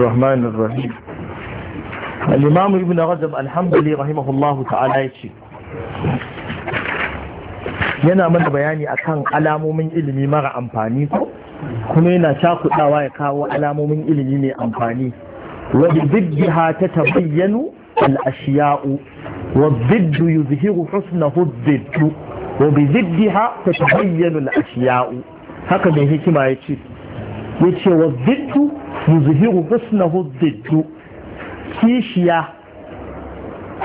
الرحمن الرحيم الإمام ابن رجب الحمد لله رحمه الله yana mana bayani akan alamomin ilimi mara amfani kuma yana cakudawa ya kawo alamomin ilimi mai amfani wa bidda ta tabayyanu al ashiya'u wa bidda yuzhiru husna hubbidu ta tabayyanu al haka mai hikima yace yace wa ziddu yuzhiru husnahu ziddu kishiya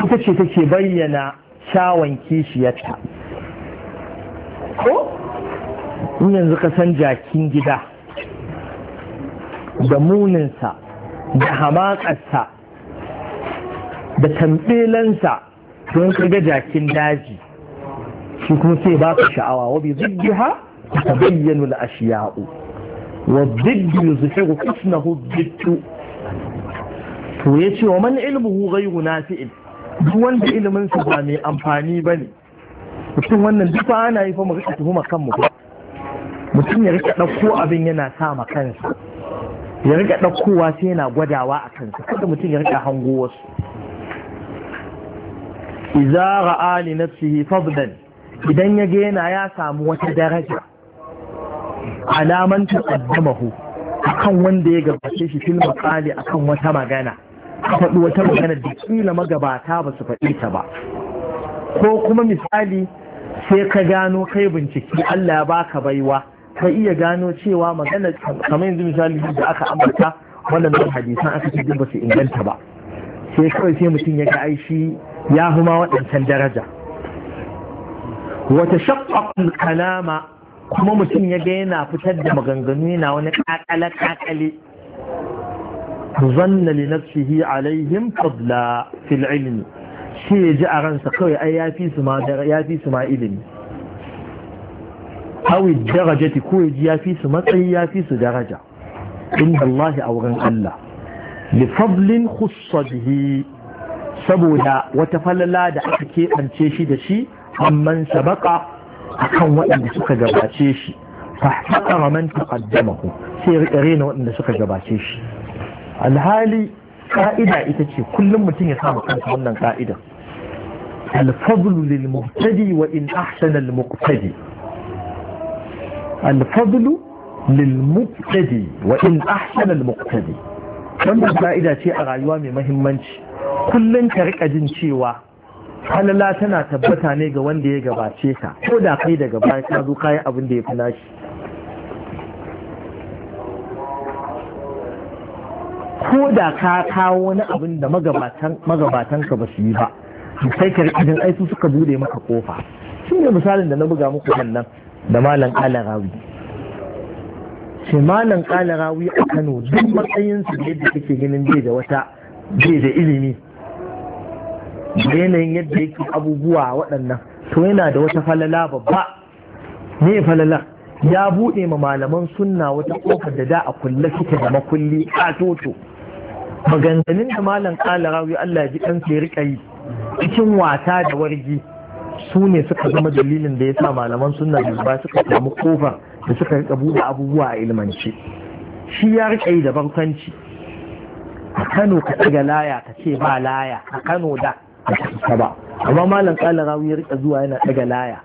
ita ce take bayyana kyawun kishiyarta ko in yanzu ka san jakin gida da muninsa da hamakarsa da tambelansa don ga jakin daji shi kuma sai ba ka sha'awa wa bi ziddiha ta bayyanu al-ashiya'u والضد يظهر اسمه الضد to ya ce wa man ilmuhu ghayru nafi'in duk wanda ilimin ba mai amfani bane mutum wannan duk fa ana yi fa mu rika tuhuma kanmu mutum ya rika dauko abin yana sa ma kansa ya rika daukowa sai yana gwadawa a kansa kada mutum ya rika hango wasu idza ra'a li nafsihi fadlan idan ya yana ya samu wata daraja alaman a kan wanda ya gabace shi filma ƙali a kan wata magana ka faɗi wata magana da kila magabata ba su faɗi ta ba ko kuma misali sai ka gano kai binciki Allah ya baka baiwa ka iya gano cewa magana kamar yanzu misali da aka ambata waɗannan hadisan aka ce ba su inganta ba sai kawai sai mutum ya ga aishi ya huma waɗancan daraja wata shaqqaqul kalama kuma mutum ya ga yana fitar da maganganu yana wani kakale kakale zanna li nafsihi alaihim fadla fil ilmi shi ya ji a ransa kawai ai yafi su ma yafi su ma ilimi awi darajati ko ya ji yafi su matsayi yafi su daraja inda Allah a Allah li fadlin khussa saboda wata falala da aka keɓance shi da shi amman sabaka akan waɗanda suka gabace shi fahtaƙara man taqaddamahu sai rika waɗanda suka gabace shi alhali ka'ida ita ce kullum mutum ya samu kansa wannan ka'ida الفضل للمبتدي وإن أحسن المقتدي الفضل للمبتدي وإن أحسن المقتدي wannan fa'ida ce a rayuwa mai mahimmanci kullum ka rika jin cewa halala tana tabbata ne ga wanda ya gabace ka ko da kai daga baya ka zo kayan abin da ya fi nashi ko da ka kawo wani abin da magabatan ka ba su yi ba sai ka idan aiki suka bude maka kofa shi ne misalin da na buga muku wannan da malam kalarawi shi malam kalarawi a kano duk matsayinsu da yadda kake ganin bai da wata bai da ilimi da yanayin yadda yake abubuwa waɗannan to yana da wata falala babba ne falala ya buɗe ma malaman sunna wata ƙofar da da a kulle suke da makulli a toto maganganun da malam ƙala rawi Allah ji ɗan ya rika yi cikin wata da wargi su ne suka zama dalilin da ya sa malaman sunna da ba suka samu ƙofar da suka rika buɗe abubuwa a ilmance shi ya rika yi da barkwanci a Kano ka ɗaga laya ka ce ba laya a Kano da kusa ba amma malam kala rawi ya rika zuwa yana daga laya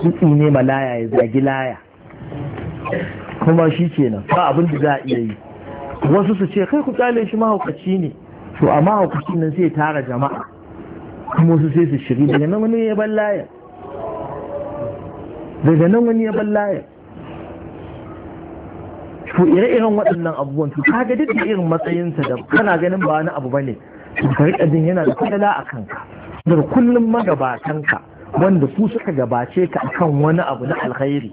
kitsi ne ma laya ya zagi laya kuma shi nan ba abin da za a iya yi wasu su ce kai ku kyale shi mahaukaci ne to a mahaukaci nan sai tara jama'a kuma su sai su shiri daga nan wani ya ban layar daga nan wani ya ban layar to ire-iren waɗannan abubuwan to kaga duk da irin matsayinsa da kana ganin ba wani abu ba ne. karka jin yana da kudala a kanka da kullum magabatanka wanda su suka gabace ka akan wani abu na alkhairi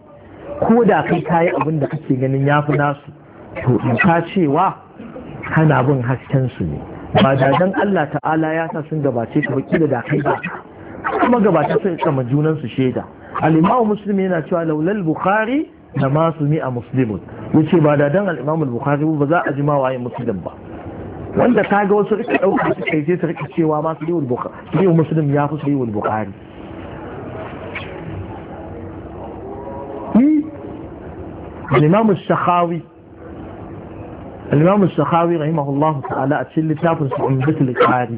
ko da kai kayi abin da kake ganin ya fi nasu to in ka cewa kana bin hasken su ne ba da dan Allah ta'ala ya sa sun gabace ka baki da da kai ba kuma gabace sun tsama junan su shaida al-Imam yana cewa laulal Bukhari da ma su mi a Muslimun yace ba da dan al-Imam Bukhari ba za a jima waye Muslim ba wanda ta ga wasu rika dauka su kai sai su rika cewa ma su yiwu bukhari muslim ya fi su yiwu bukhari الإمام السخاوي الإمام السخاوي رحمه الله تعالى أتسل تافز عمدة الإقاري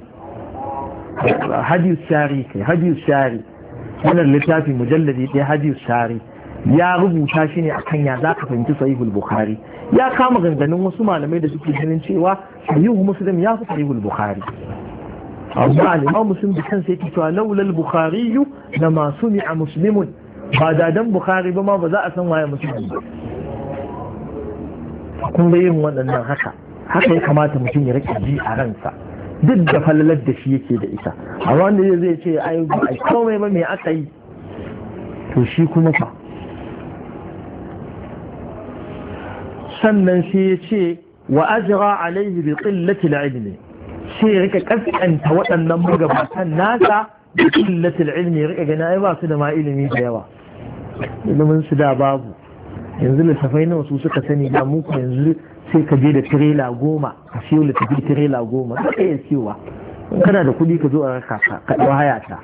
هدي الساري هدي الساري من اللتاف مجلد هدي الساري يا رب تاشيني أكن يا ذاك فانت صحيح البخاري ya kama ganganin wasu malamai da suke ganin cewa sahihu muslim ya fi sahihul bukhari amma al-imam muslim da kansa yake cewa laula al-bukhari lama a muslimun ba da bukhari ba ma ba za a san waye muslim ba kun ga yin waɗannan haka haka ya kamata mutum ya rike ji a ransa duk da falalar da shi yake da ita a wanda zai ce ai ba komai ba me aka yi to shi kuma fa sannan shi ya ce wa ajira alaihi bi qillati ilmi shi ya rika kaskanta waɗannan magabatan nasa bi qillati ilmi rika gani ai ba su da ma ilimi da yawa ilimin su da babu yanzu littafai nawa wasu suka sani da mu yanzu sai ka je da tirela goma ka siyo littafi tirela goma za ka iya siyowa kana da kuɗi ka zo a raka ka ka haya ta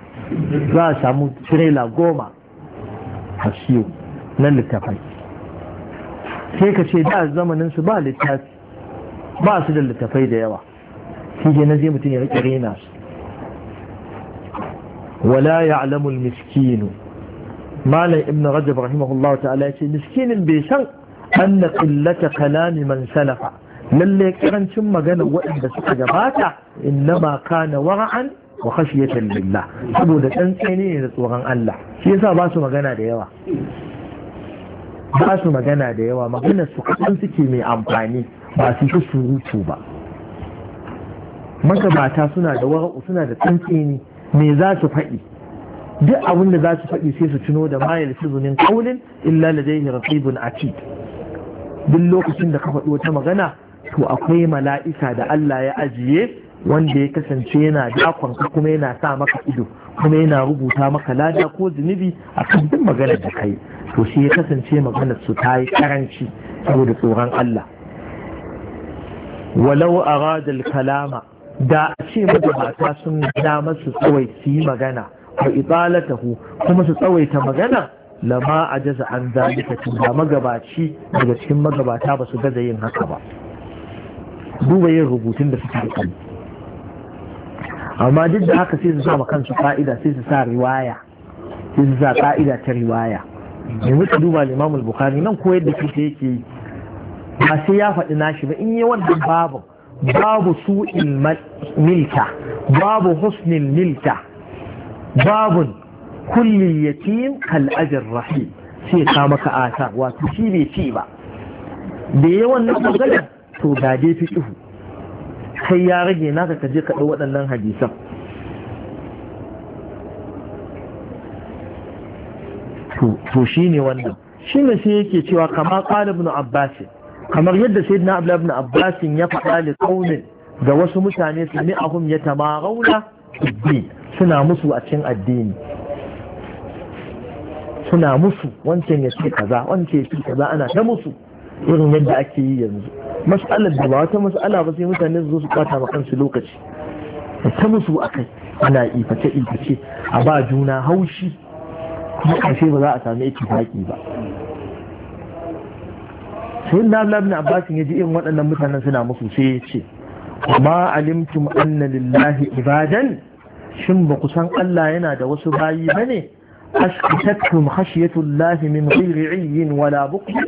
za a samu tirela goma ka siyo na littafai sai ka ce da zamanin su ba littafi ba su da littafai da yawa shi ke na mutum ya rike rena su wala ya al-miskinu malam ibn rajab rahimahullah ta'ala ya ce miskinin bai san na qillata kalami man salafa lalle karancin magana waɗanda suka gabata innama kana wara'an wa khashiyatan lillah saboda tsantsene ne da tsoron Allah shi yasa ba su magana da yawa ba su magana da yawa maganar su kan suke mai amfani ba su ta surutu ba magabata suna da wara'u suna da tsantsini me za su faɗi duk abin da za su faɗi sai su tuno da mayar zunin kaulin illa ladaihi a ci duk lokacin da ka faɗi ta magana to akwai mala'ika da Allah ya ajiye wanda ya kasance yana dakon ka kuma yana sa maka ido kuma yana rubuta maka lada ko zunubi a kan duk maganar da kai to shi ya kasance maganar su ta yi karanci saboda tsoron Allah walau aradal kalama da a ce magabata sun gina masu tsawai su yi magana wa italatahu kuma su tsawaita magana lama a jaza an zalika da magabaci daga cikin magabata ba su gaza yin haka ba duba yin rubutun da suke da amma duk da haka sai su sa kansu ka'ida sai su sa riwaya sai su sa ka'ida ta riwaya mai ka duba al-Imam nan koyar da kike yake ba sai ya faɗi nashi ba in yi wannan babu babu su'in milka babu husnin milka babun kulli yatim kal ajr rahim sai ka maka asa wato shi bai ci ba da yawan wannan magana to da dai fi kai ya rage naka ka je ka ɗau waɗannan hadisan to ne wannan shine sai yake cewa kama qala ibn kamar yadda sayyidina abdullah ibn abbas ya faɗa li qaumin ga wasu mutane su mi'ahum yatamarauna din suna musu a cin addini suna musu wancan ya ce kaza wancan ya ce kaza ana ta musu irin yadda ake yi yanzu mas'alar da ba wata mas'ala ba sai mutane su zo su kwata ma kansu lokaci ta musu a kai ana iface iface a ba juna haushi kuma ƙarshe ba za a sami ba sai na labin abbasin ya ji irin waɗannan mutanen suna musu sai ya ce ma alimtum anna lillahi ibadan shin ba ku Allah yana da wasu bayi ba ne ashkatatkum khashiyatullahi min ghairi iyyin wala bukhl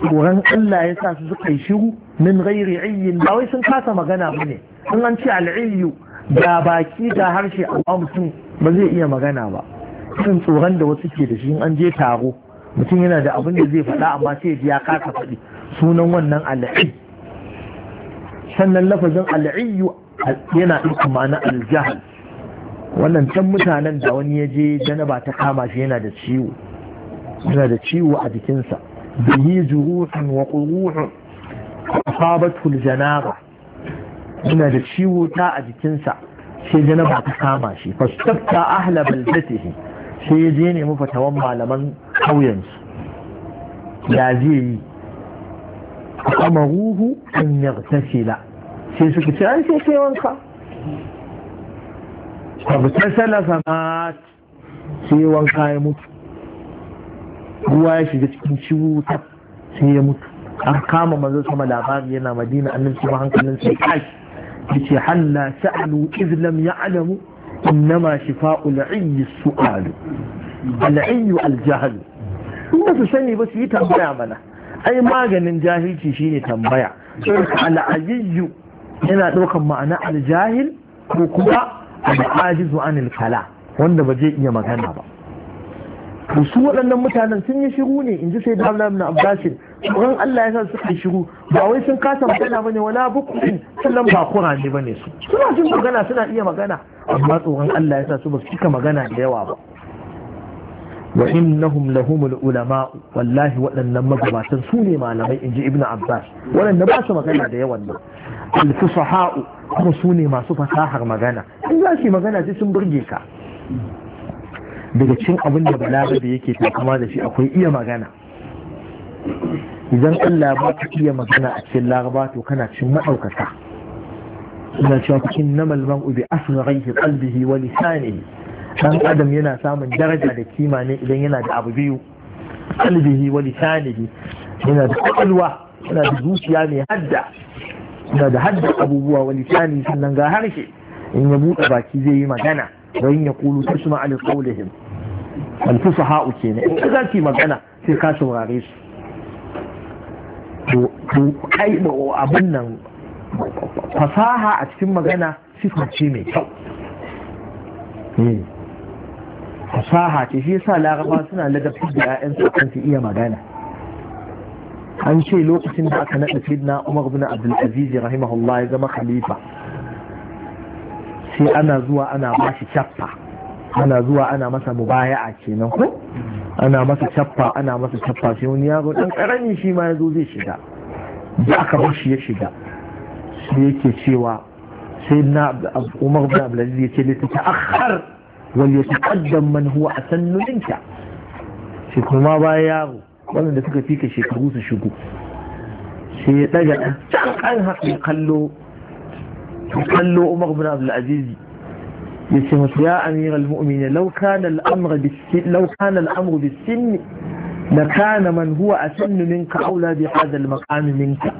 tsoron Allah ya sa su suka yi shiru min ghairi iyyin ba wai sun kasa magana ba ne in an ce al'iyyu da baki da harshe amma mutum ba zai iya magana ba sun tsoron da wasu ke da shi an je taro mutum yana da abin da zai faɗa amma sai ya kasa faɗi sunan wannan al'i sannan lafazin al'ai yana ɗauka ma'ana aljahal wannan can mutanen da wani ya je ba ta kama shi yana da ciwo yana da ciwo a jikinsa Da yi juruhun wa quruhun asabatul janaba yana da ciwo ta a jikinsa sai ba ta kama shi fastafta ahla baldatihi sai ya je nemi fatawan malaman kauyensu ya zai yi amaruhu an shila. sai suka ce an sai kai wanka fabtasala samat sai wanka ya mutu ruwa ya shiga cikin ciwuta sai ya mutu an kama manzo sama labari yana madina annabi kuma hankalin sai kai yace halla sa'alu iz lam ya'lamu innama shifa'u 'ayyi su'alu al-'ayyu al-jahl ba su sani ba su yi tambaya mana ai maganin jahilci shine tambaya al-'ayyu yana daukan ma'ana al-jahil ko kuma al anil kala wanda ba zai iya magana ba su waɗannan mutanen sun yi shiru ne in ji sai da Allah tsoron Allah ya sa suka shiru ba wai sun kasa magana bane wala bukun Sannan ba kura ne bane su suna jin magana suna iya magana amma tsoron Allah ya sa su ba su cika magana da yawa ba wa innahum lahumul ulama wallahi waɗannan magabatan su ne malamai inji ibn abbas waɗanda ba su magana da yawan nan al-fusaha'u kuma su ne masu fasahar magana in za su magana sai sun burge ka daga cikin abin da balarabe yake takama da shi akwai iya magana idan Allah ba ka iya magana a cikin laraba to kana cikin maɗaukaka ina cewa cikin namal mar'u bi asgharihi kalbihi wa lisanihi dan adam yana samun daraja da kima ne idan yana da abu biyu Kalbihi wa lisanihi yana da kwakwalwa yana da zuciya mai hadda yana da hadda abubuwa wa lisani sannan ga harshe in ya buɗe baki zai yi magana wa in yaqulu tasma'u li qawlihim al-fusaha kenan in ka zaki magana sai ka saurare su to kai abin nan fasaha a cikin magana sifa ce mai kyau eh, fasaha ce shi yasa laraba suna ladabtar da 'ya'yansu kan su iya magana an ce lokacin da aka naɗa fidna umar bin abdulaziz rahimahullah ya zama khalifa sai ana zuwa ana ba shi ana zuwa ana masa mubaya'a kenan ko ana masa cappa ana masa cappa sai wani yaro dan karami shi ma yazo zai shiga da aka bar shi ya shiga sai yake cewa sai na Umar bin Abdul Aziz yace lita akhar wal yataqaddam man huwa asannu minka shi kuma baya yaro wanda suka fika shekaru su shigo sai ya daga dan an haka kallo kallo Umar bin Abdul Aziz يسهل يا أمير المؤمنين لو كان الأمر بالسن لو كان الأمر بالسن لكان من هو أسن منك أولى بهذا المقام منك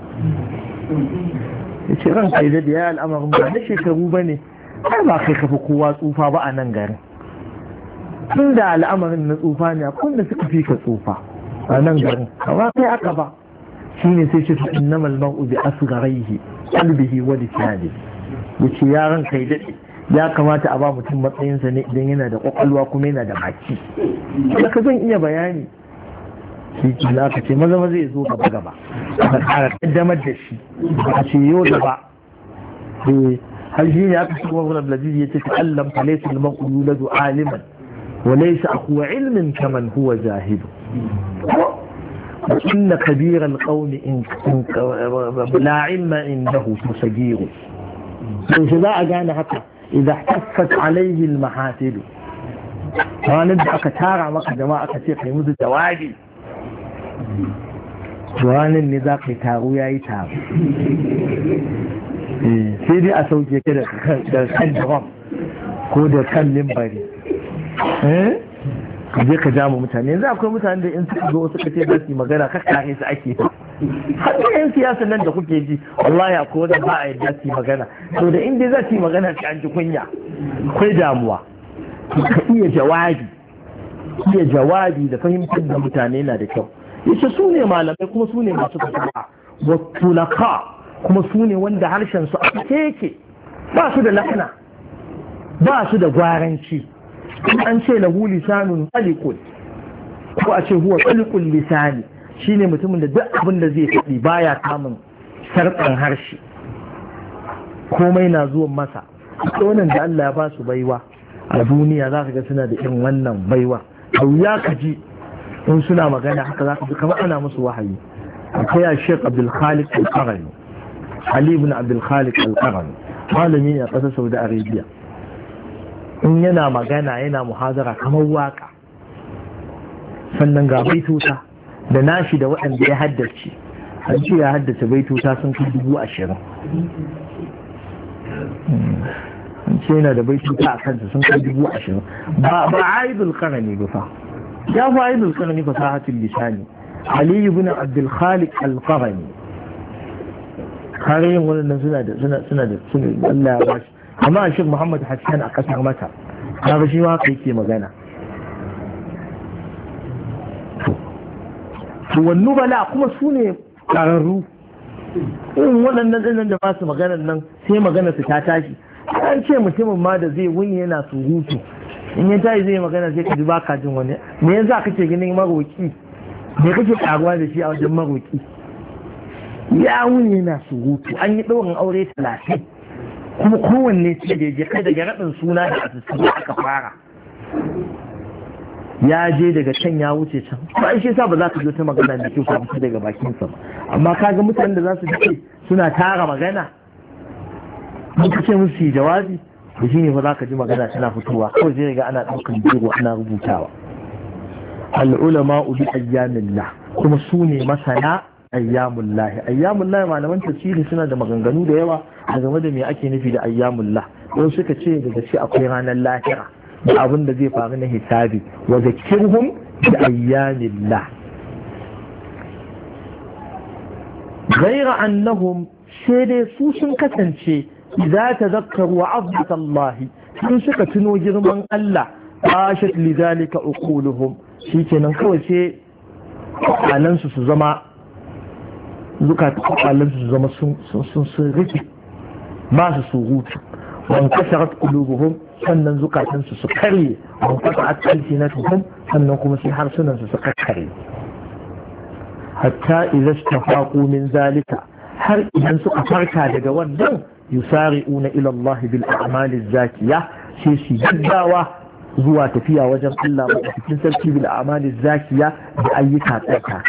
يسهل إذا دي يا الأمر ما نشيك أنا أما خيخ في قوات أوفا بأنا نغير كن دا الأمر من الأوفاني أقول نسك فيك أوفا أنا نغير أما في أقبع شيني سيشف إنما المرء بأصغريه قلبه ولسانه وشياراً خيدته ya kamata a ba mutum matsayinsa ne idan yana da kwakwalwa kuma yana da baki ka zan iya bayani shi ke za ka ce maza maza ya zo gaba gaba a kara kaddamar da shi a ce yau da ba har shi ne aka shi kuma wani abdulaziz ya ce ka allam fa laysa na zuwa aliman wa a kuwa ilmin kaman huwa jahilu إن كبير القوم إن لا علم عنده فصغير. إن لا أجانا حتى idza haffat alaihi al-mahafil ranar da aka tara maka jama'a aka ce kai musu jawabi ranar ne za ka yi taro ya yi taro sai dai a sauke ka da kan drum ko da kan limbari eh ka je ka jama mutane yanzu akwai mutane da in suka zo suka ce za su yi magana ka kare ake ta har da yan siyasa nan da kuke ji wallahi akwai wanda ba a yadda su yi magana to da inda za su yi magana sai an ji kunya akwai damuwa ka iya jawabi iya jawabi da fahimtar da mutane na da kyau yace su ne malamai kuma su ne masu fasaha wa tulaka kuma su ne wanda harshen su a ba su da lafana ba su da gwaranci in an ce lahu lisanun qalikun ko a ce huwa qalikul lisani shine mutumin da duk abin da zai faɗi baya kamun sarkan harshe komai na zuwan masa wannan da Allah ya ba su baiwa a duniya za ka ga suna da irin wannan baiwa ya ka ji in suna magana haka za ka ji kamar ana musu wahayi akwai a shek abdulkhalik al-qarani ali ibn abdulkhalik al-qarani malami ne a ƙasar saudi arabia in yana magana yana muhazara kamar waka sannan ga baituta da nashi da waɗanda ya haddace an ce ya haddace baituta sun kai dubu ashirin hmm. an ce yana da baituta a kansa sun kai dubu ashirin ba aidul ne ba fa ya fi ne fasa hatin lisani ali bin abdul khaliq al har yin wannan suna da suna da suna da suna da amma a shirin muhammad hassan a kasar mata ta shi haka yake magana to wannu bala kuma su ne ƙararru irin waɗannan ɗinan da ba su maganar nan sai magana su ta tashi an ce mutumin ma da zai wuni yana surutu in ya tashi zai magana zai kaji ba kajin wani me yanzu kake ganin maroki me kake karuwa da shi a wajen maroki ya wuni yana surutu an yi ɗaurin aure talatin kuma kowanne ce da je kai daga raɗin suna da asusun aka fara ya je daga can ya wuce can ba shi yasa ba za ka zo ta magana da kyau ka fita daga bakinsa ba amma kaga mutanen da za su dace suna tara magana mun kace musu jawabi da shine fa za ka ji magana tana fitowa kawai zai ga ana ɗaukan biro ana rubutawa al'ulama bi ayyamillah kuma su ne masana Ayyamun ayyamullahi malaman tafsiri suna da maganganu da yawa a game da me ake nufi da ayyamullah don suka ce daga ce akwai ranar lahira da abin da zai faru na hisabi wa zakirhum da ayyamillah dai su sun kasance كتنشي ta تذكروا wa Abdullahi, sun suka tuno girman Allah ashat lidhalika uquluhum shikenan kawai sai alansu su zama zukata kwakwalen su zama sun rike masu surutu wani kasarar kulubuhun sannan zukatansu su karye wani kasarar kalfi na tuhum sannan kuma sai harsunansu su kakkare hatta idan ta faƙo min zalika har idan suka farka daga wannan yusari'una na Allah bil a'mali zakiya sai su gaggawa zuwa tafiya wajen Allah cikin sarki bil a'mali zakiya da ayyuka tsaka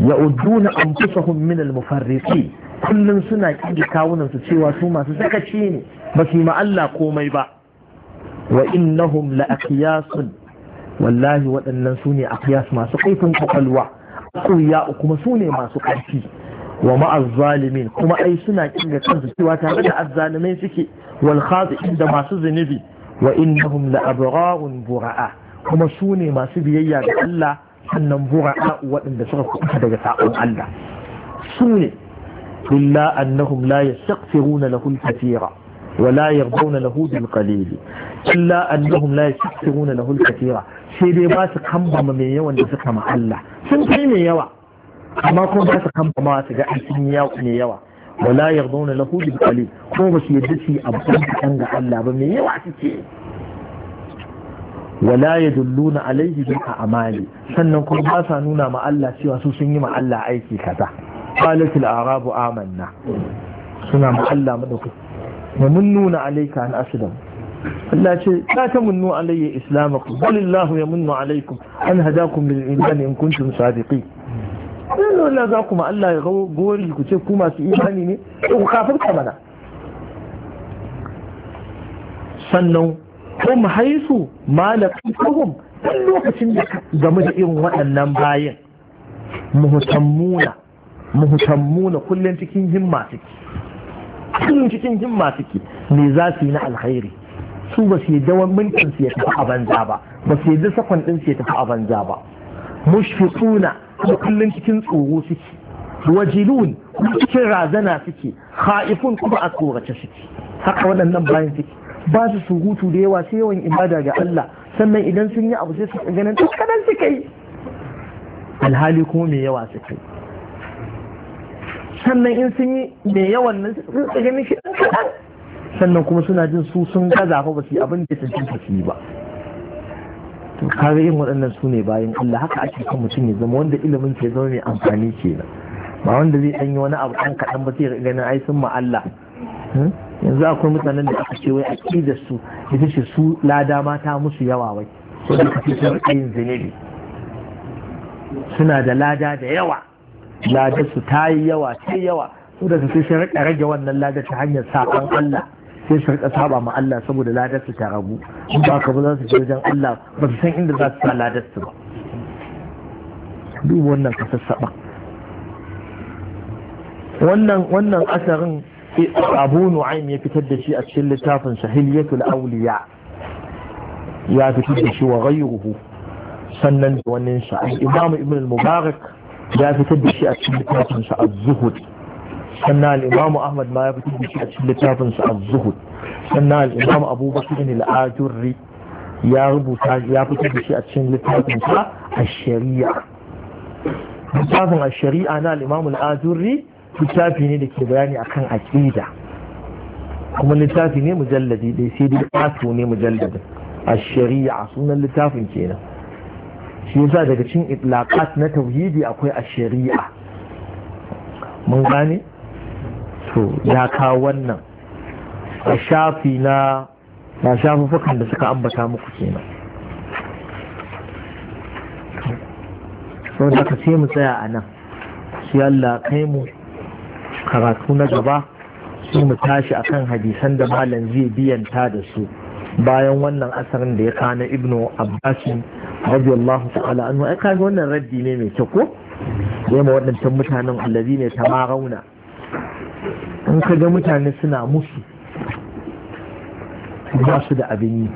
ya'uduna anfusahum min al-mufarriqi kullun suna kidi kawunan su cewa su masu sakaci ne ba su ma komai ba wa innahum la aqyasun wallahi waɗannan su ne aqyas masu kaifin kwakwalwa ƙuya kuma su ne masu ƙarfi wa ma'azzalimin kuma ai suna kinga kansu cewa tare da azzalimai suke wal khati'in da masu zunubi wa innahum la abrarun bura'a kuma su ne masu biyayya da Allah sannan bura'a waɗanda suka kuka daga sa'on Allah su ne illa annahum la yastaghfiruna lahu al-kathira wa la yarduna lahu bil qalil illa annahum la yastaghfiruna lahu al-kathira sai dai ba su mai yawan da suka ma Allah sun kai mai yawa amma kuma ba su kambama su ga yawa yawa wa la yarduna lahu bil qalil ba su yadda su abu da ga Allah ba mai yawa suke wala ya yadulluna alaihi bil a'mali sannan kuma ba sa nuna ma Allah cewa su sun yi ma Allah aiki kaza qalatil arabu amanna suna ma Allah madauki wa mun nuna alayka an aslam Allah ce ta ta mun nuna alayya islamakum balillahu yamunnu alaykum an hadakum lil imani in kuntum sadiqin Allah za kuma Allah ya gori ku ce ku masu imani ne ku kafirta mana sannan mu haisu malakatuhum duk lokacin da game da irin waɗannan bayan muhtammuna muhtammuna kullum cikin himma suke kullum cikin himma suke me za su yi na alkhairi su ba su yadda wani mintin su ya tafi a banza ba ba su yadda sakon din su ya tafi a banza ba mushfiquna kuma kullum cikin tsoro suke wajilun kuma cikin razana suke khaifun kuma a tsorace suke haka waɗannan bayan suke ba su surutu da yawa sai yawan ibada ga Allah sannan idan sun yi abu sai su ganin kadan suka yi alhali kuma mai yawa suka yi sannan in sun yi mai yawan nan su ganin shi dan kadan sannan kuma suna jin su sun gaza fa ba su yi abin da ta su yi ba to kaga yin waɗannan su ne bayan Allah haka ake son mutum ya zama wanda ilimin ke zama mai amfani kenan ba wanda zai ɗanyi wani abu ɗan kaɗan ba sai ganin ai sun ma Allah hmm? yanzu akwai mutanen da aka ce wai aƙidar su ita ce su lada mata musu yawa wai so da kake sun yin zunubi suna da lada da yawa lada su ta yi yawa ta yawa Ko da sai sun rika rage wannan lada ta hanyar saƙon Allah sai su rika saba ma Allah saboda ladar su ta ragu in ba ka su je wajen Allah ba su san inda za su sa ladar su ba duk wannan kasassaɓa wannan wannan asarin abu nu'aim ya fitar da shi a cikin littafin sahiliyatul awliya ya fitar da shi wa ghayruhu sannan da wannan sa imam ibn al-mubarak ya fitar da shi a cikin littafin sa az-zuhud sannan al-imam ahmad ma ya fitar da shi a cikin littafin sa az-zuhud sannan al-imam abubakar al-ajurri ya rubuta ya fitar da shi a cikin littafin sa ash-shari'a littafin ash-shari'a na al-imam al-ajurri littafi ne da ke bayani akan aƙida kuma littafi ne mujalladi dai sai dai ƙato ne mujalladin a shari'a sunan littafin kenan shi yasa daga cin itlaqat na tauhidi akwai a shari'a mun gane to ya kawo wannan a shafi na na da suka ambata muku kenan sau da ka ce mu tsaya a nan shi Allah kai mu karatu na gaba su mu tashi akan hadisan da malam zai biyanta da su bayan wannan asarin da ya kana ibnu abbasin radiyallahu ta'ala anhu ai kaga wannan raddi ne mai kyau ko ya ma waɗancan mutanen allazi ne ta rauna in ka ga mutane suna musu ba su da abin yi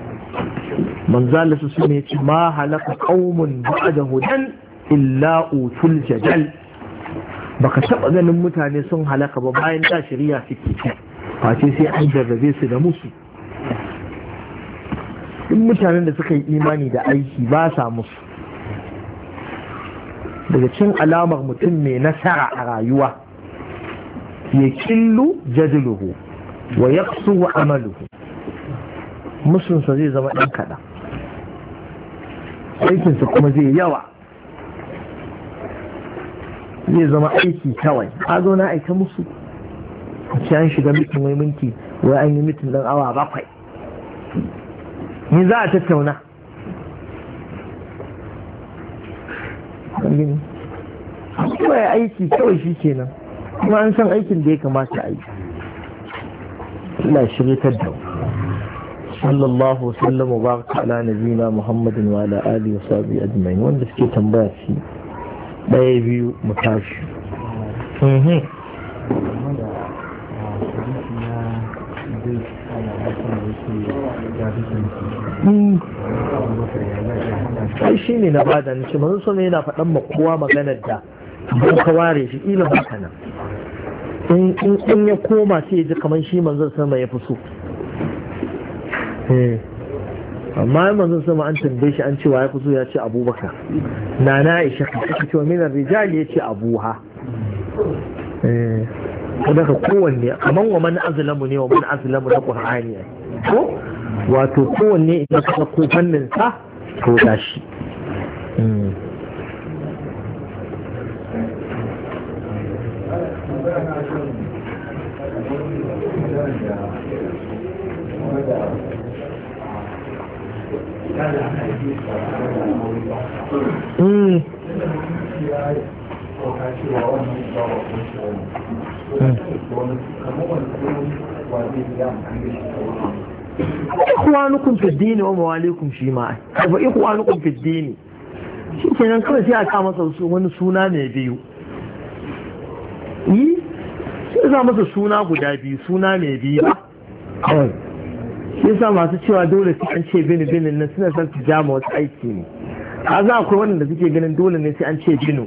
Manzalisu su ne ci ma halaka qaumun ba'da hudan illa utul jadal baka taba ganin mutane sun halaka ba bayan da shari'a suke face sai an jarrabe su da musu in mutanen da suka yi imani da aiki ba sa musu daga cin alamar mutum mai nasara a rayuwa ya killu jadiluhu wa ya wa amaluhu musunsa zai zama ɗan kaɗan aikinsa kuma zai yawa zai zama aiki kawai a zo na aika musu sai an shiga mitin wai minti wai an yi mitin don awa bakwai ni za a tattauna kawai aiki kawai shi kenan kuma an san aikin da ya kamata a yi ina shirikar da sallallahu wasallam wa baraka ala nabiyina muhammadin wa ala alihi ajma'in wanda suke tambaya shi ɗaya biyu mu tashi mhm. ai shi ne na bada nace manzo so ne yana faɗan ma kowa maganar da ban ka ware shi ila ba kana in ya koma sai ya ji kamar shi manzo sama ya fi so eh amma manzon sama an tambaye shi an cewa ya fito ya ce abubakar na na isha ka ce wa mina rijali ya ce ha kuma ka kowanne kamar wa man azulamu ne wa mana azulamu na qur'ani ko wato kowanne idan ka ko fannin sa to shi. Hmm. Hmm. ikwanukum fi wa mawalikum shi ma ba ikwanukum fi shi kenan kawai sai a ka masa wani suna ne biyu yi hmm? sai za masa suna guda biyu suna ne biyu kawai shi sa masu cewa dole sai an ce bini binin nan suna san su jama wasu aiki ne a za akwai wanda suke ganin dole ne sai an ce binu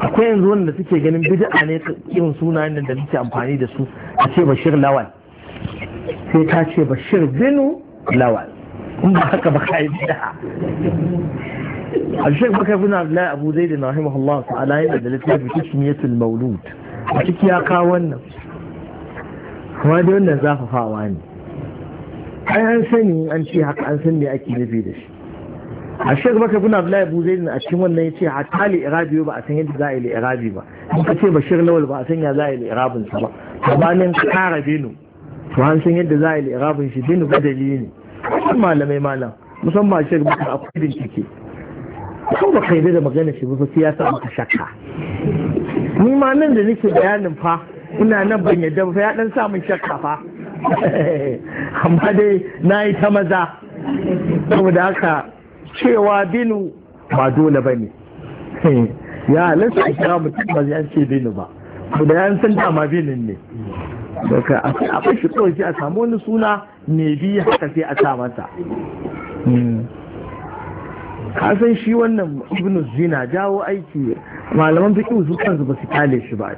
akwai yanzu wanda suke ganin bid'a ne irin sunayen da suke amfani da su a ce bashir lawal sai ta ce bashir binu lawal in ba haka ba kai bid'a الشيخ بكر بن عبد الله ابو زيد رحمه الله تعالى yana da littafi تسمية المولود a ciki ya kawo wannan kuma dai wannan zafafawa ne ai an sani an ce haka an san me ake nufi da shi a shek baka guna abu abu zaidin a cikin wannan ya ce A li irabi ba a san yadda za a yi li irabi ba in ka ce bashir lawal ba a san ya za a yi li irabin sa ba tabanin kara binu to an san yadda za a yi li irabin shi binu ba dalili ne kan malamai malam musamman a shek baka akwai bincike kan ba kai da magana shi ba sai ya sa maka shakka ni ma nan da nake bayanin fa ina nan ban yadda ba ya dan sa min shakka fa amma dai na yi ta maza saboda haka cewa binu ba dole ba ne ya halitta a kira mutum ba zai ce binu ba da yan san dama binin ne daga a fashi kawai sai a samu wani suna ne biyu haka sai a sa mata hmm. ka san shi wannan ibnu zina jawo aiki malaman fiqh su kansu ba su kale shi ba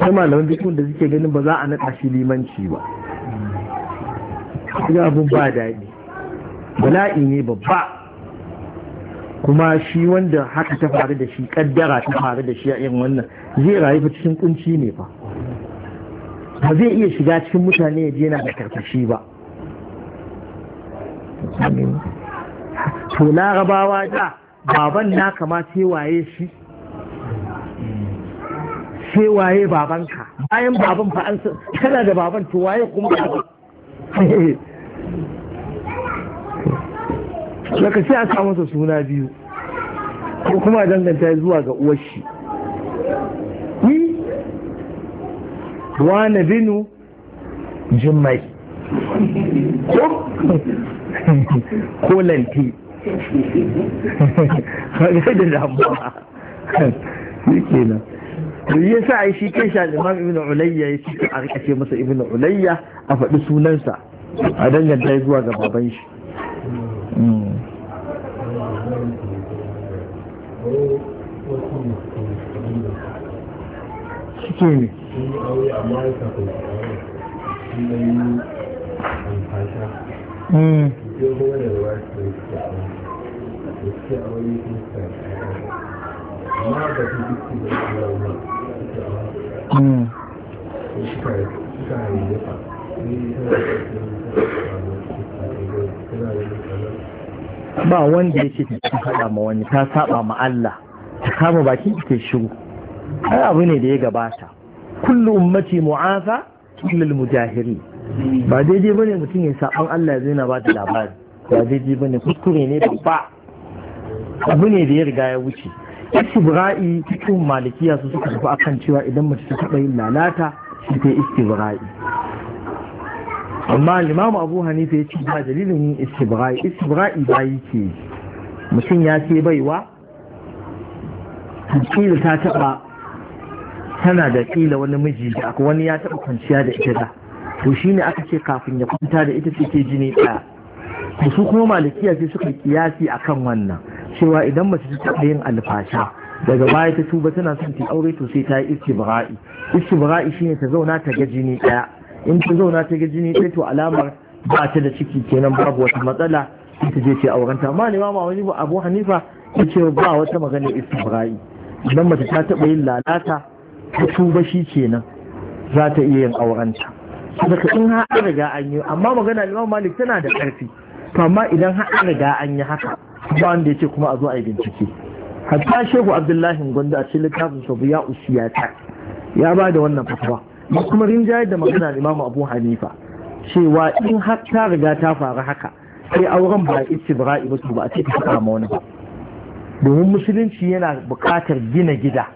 sai malaman bikin da suke ganin ba za a naɗa shi limanci ba ga abin ba daɗi bala'i ne babba kuma shi wanda haka ta faru da shi kaddara ta faru da shi a yin wannan zai rayu fa cikin kunci ne fa ba zai iya shiga cikin mutane ya je na da karkashi ba to larabawa da baban na kamata ya waye shi sai waye babanka bayan baban fa an kana da baban to waye kuma daga sai a samu masa suna biyu ko kuma danganta zuwa ga uwar shi na binu Jummai ko lanti da damuwa shi kenan ya sa shi kan sha a ibn ulayya ya ce a rika masa ibn ulayya a faɗi sunansa a danganta zuwa ga baban shi hmm. suke ne Mm. ba wanda ya ce ta ma wani ta saba ma Allah ta kama bakin ta shiru ai abu ne da ya gabata kullu ummati mu'afa kullu mujahiri ba daidai bane mutum ya saban Allah zai na ba da labari ba daidai bane kuskure ne da ba abu ne da ya riga ya wuce istibra'i cikin malikiya su suka tafi akan cewa idan mace ta taɓa yin lalata shi ta istibra'i amma limamu abu hanifa ya ce ba dalilin yin istibra'i istibra'i yi ke mutum ya ce baiwa kila ta taɓa tana da kila wani miji da aka wani ya taɓa kwanciya da ita da to shine aka ce kafin ya kwanta da ita ce jini ɗaya su kuma malikiya sai suka yi kiyasi akan wannan cewa idan mace ta taɓa yin alfasha daga baya ta tuba tana son ta aure to sai ta yi istibra'i istibra'i shine ta zauna ta ga jini ɗaya in ta zauna ta ga jini ɗaya to alamar ba ta da ciki kenan babu wata matsala sai ta je ce aurenta amma ne ma wani abu hanifa ya ce ba wata magana istibra'i idan mace ta taɓa yin lalata ta tuba shi kenan za ta iya yin aurenta daga in har riga an yi amma magana limam malik tana da ƙarfi to amma idan har riga an yi haka ba wanda ya ce kuma a zo a yi bincike hatta shehu abdullahi gwanda a cikin littafin sabu ya usiyata ya ba da wannan fatawa ba kuma rinjayar da magana da imamu abu hanifa cewa in har ta riga ta faru haka sai auren ba istibra'i ba ba a ce ta kama wani ba domin musulunci yana buƙatar gina gida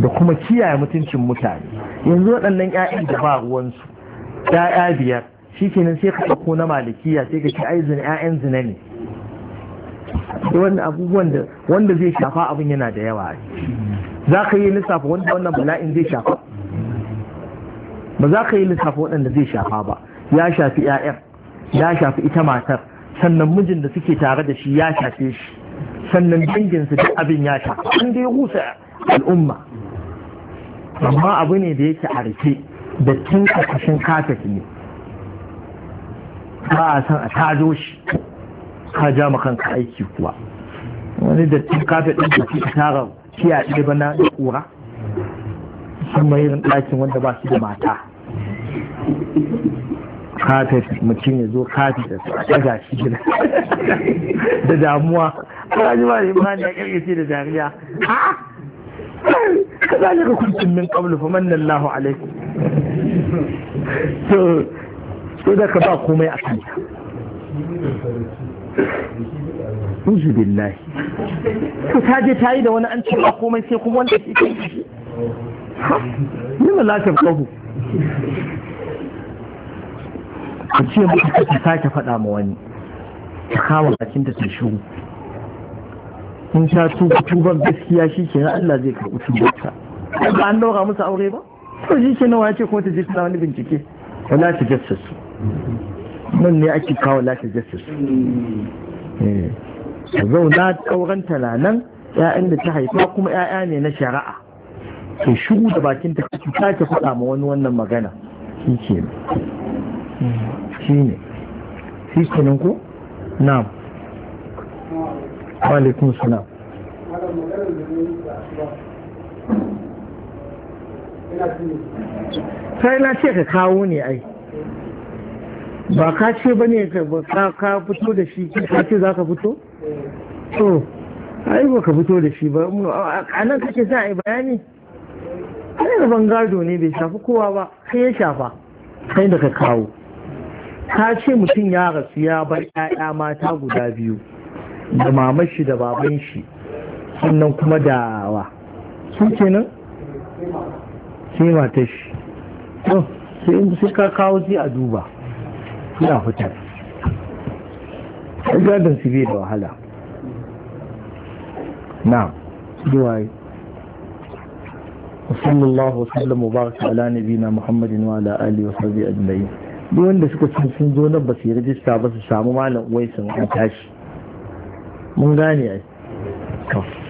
da kuma kiyaye mutuncin mutane yanzu waɗannan 'ya'yan da ba ruwansu 'ya'ya biyar shi kenan sai ka ɗauko na malikiya sai ka ci ai zina 'ya'yan zina ne wanda abubuwan da wanda zai shafa abin yana da yawa za ka yi lissafa wanda wannan bala'in zai shafa ba za ka yi lissafa waɗanda zai shafa ba ya shafi 'ya'yan ya shafi ita matar sannan mijin da suke tare da shi ya shafe shi sannan su duk abin ya shafa an dai rusa al'umma amma abu ne da yake a rike da tun kashin kafet ne ba a san a tajo shi ka ja ma kanka aiki kuwa wani da tun kafa ɗin da ke tara kiya ɗaya ba na ƙura musamman irin ɗakin wanda ba su da mata kafa mutum ya zo kafa da ɗaga shi gina da damuwa A ji ba imani ya ƙirƙirce da dariya ka za ka kuntum min qablu fa manna Allahu alaikum so da ka ba komai a kanta Uzu billahi. To ta je ta yi da wani an ce ba komai sai kuma wanda shi kai shi. Ni kahu. Ka ce mutu ka sake faɗa ma wani. Ta kawo bakin ta ta In Sun sha tuba tuban gaskiya shi ke Allah zai karɓi tubarsa. Ba an ɗaura musu aure ba? To shi ke nawa ya ce kuma ta je ta wani bincike. Wala ta jassasu nan ne ake kawo lati justice eh, zauna ƙauranta na nan ‘ya'yan da ta haifa kuma ‘ya'ya ne na shari'a to shigo da bakin ta ta sake faɗa ma wani wannan magana shi ke shi ne shi ke nan ko na alaikun salam sai na ce ka kawo ne ai ba ka ce ba ne ka fito da shi ka ce za ka fito? to ai ba ka fito da shi ba a nan kake za a yi bayani kai rabon gado ne bai shafi kowa ba kai ya shafa kai da ka kawo ka ce mutum ya rasu ya bar 'ya'ya mata guda biyu da mamashi shi da baban shi sannan kuma da wa sun kenan sai matar shi sai ka kawo sai a duba suna fitar gadon su bai da wahala na duwaye وصلى الله وسلم وبارك على نبينا محمد وعلى اله وصحبه اجمعين duk wanda suka cin sun zo na basu su yi rajista ba su samu malam uwaisu an tashi mun gane kafa.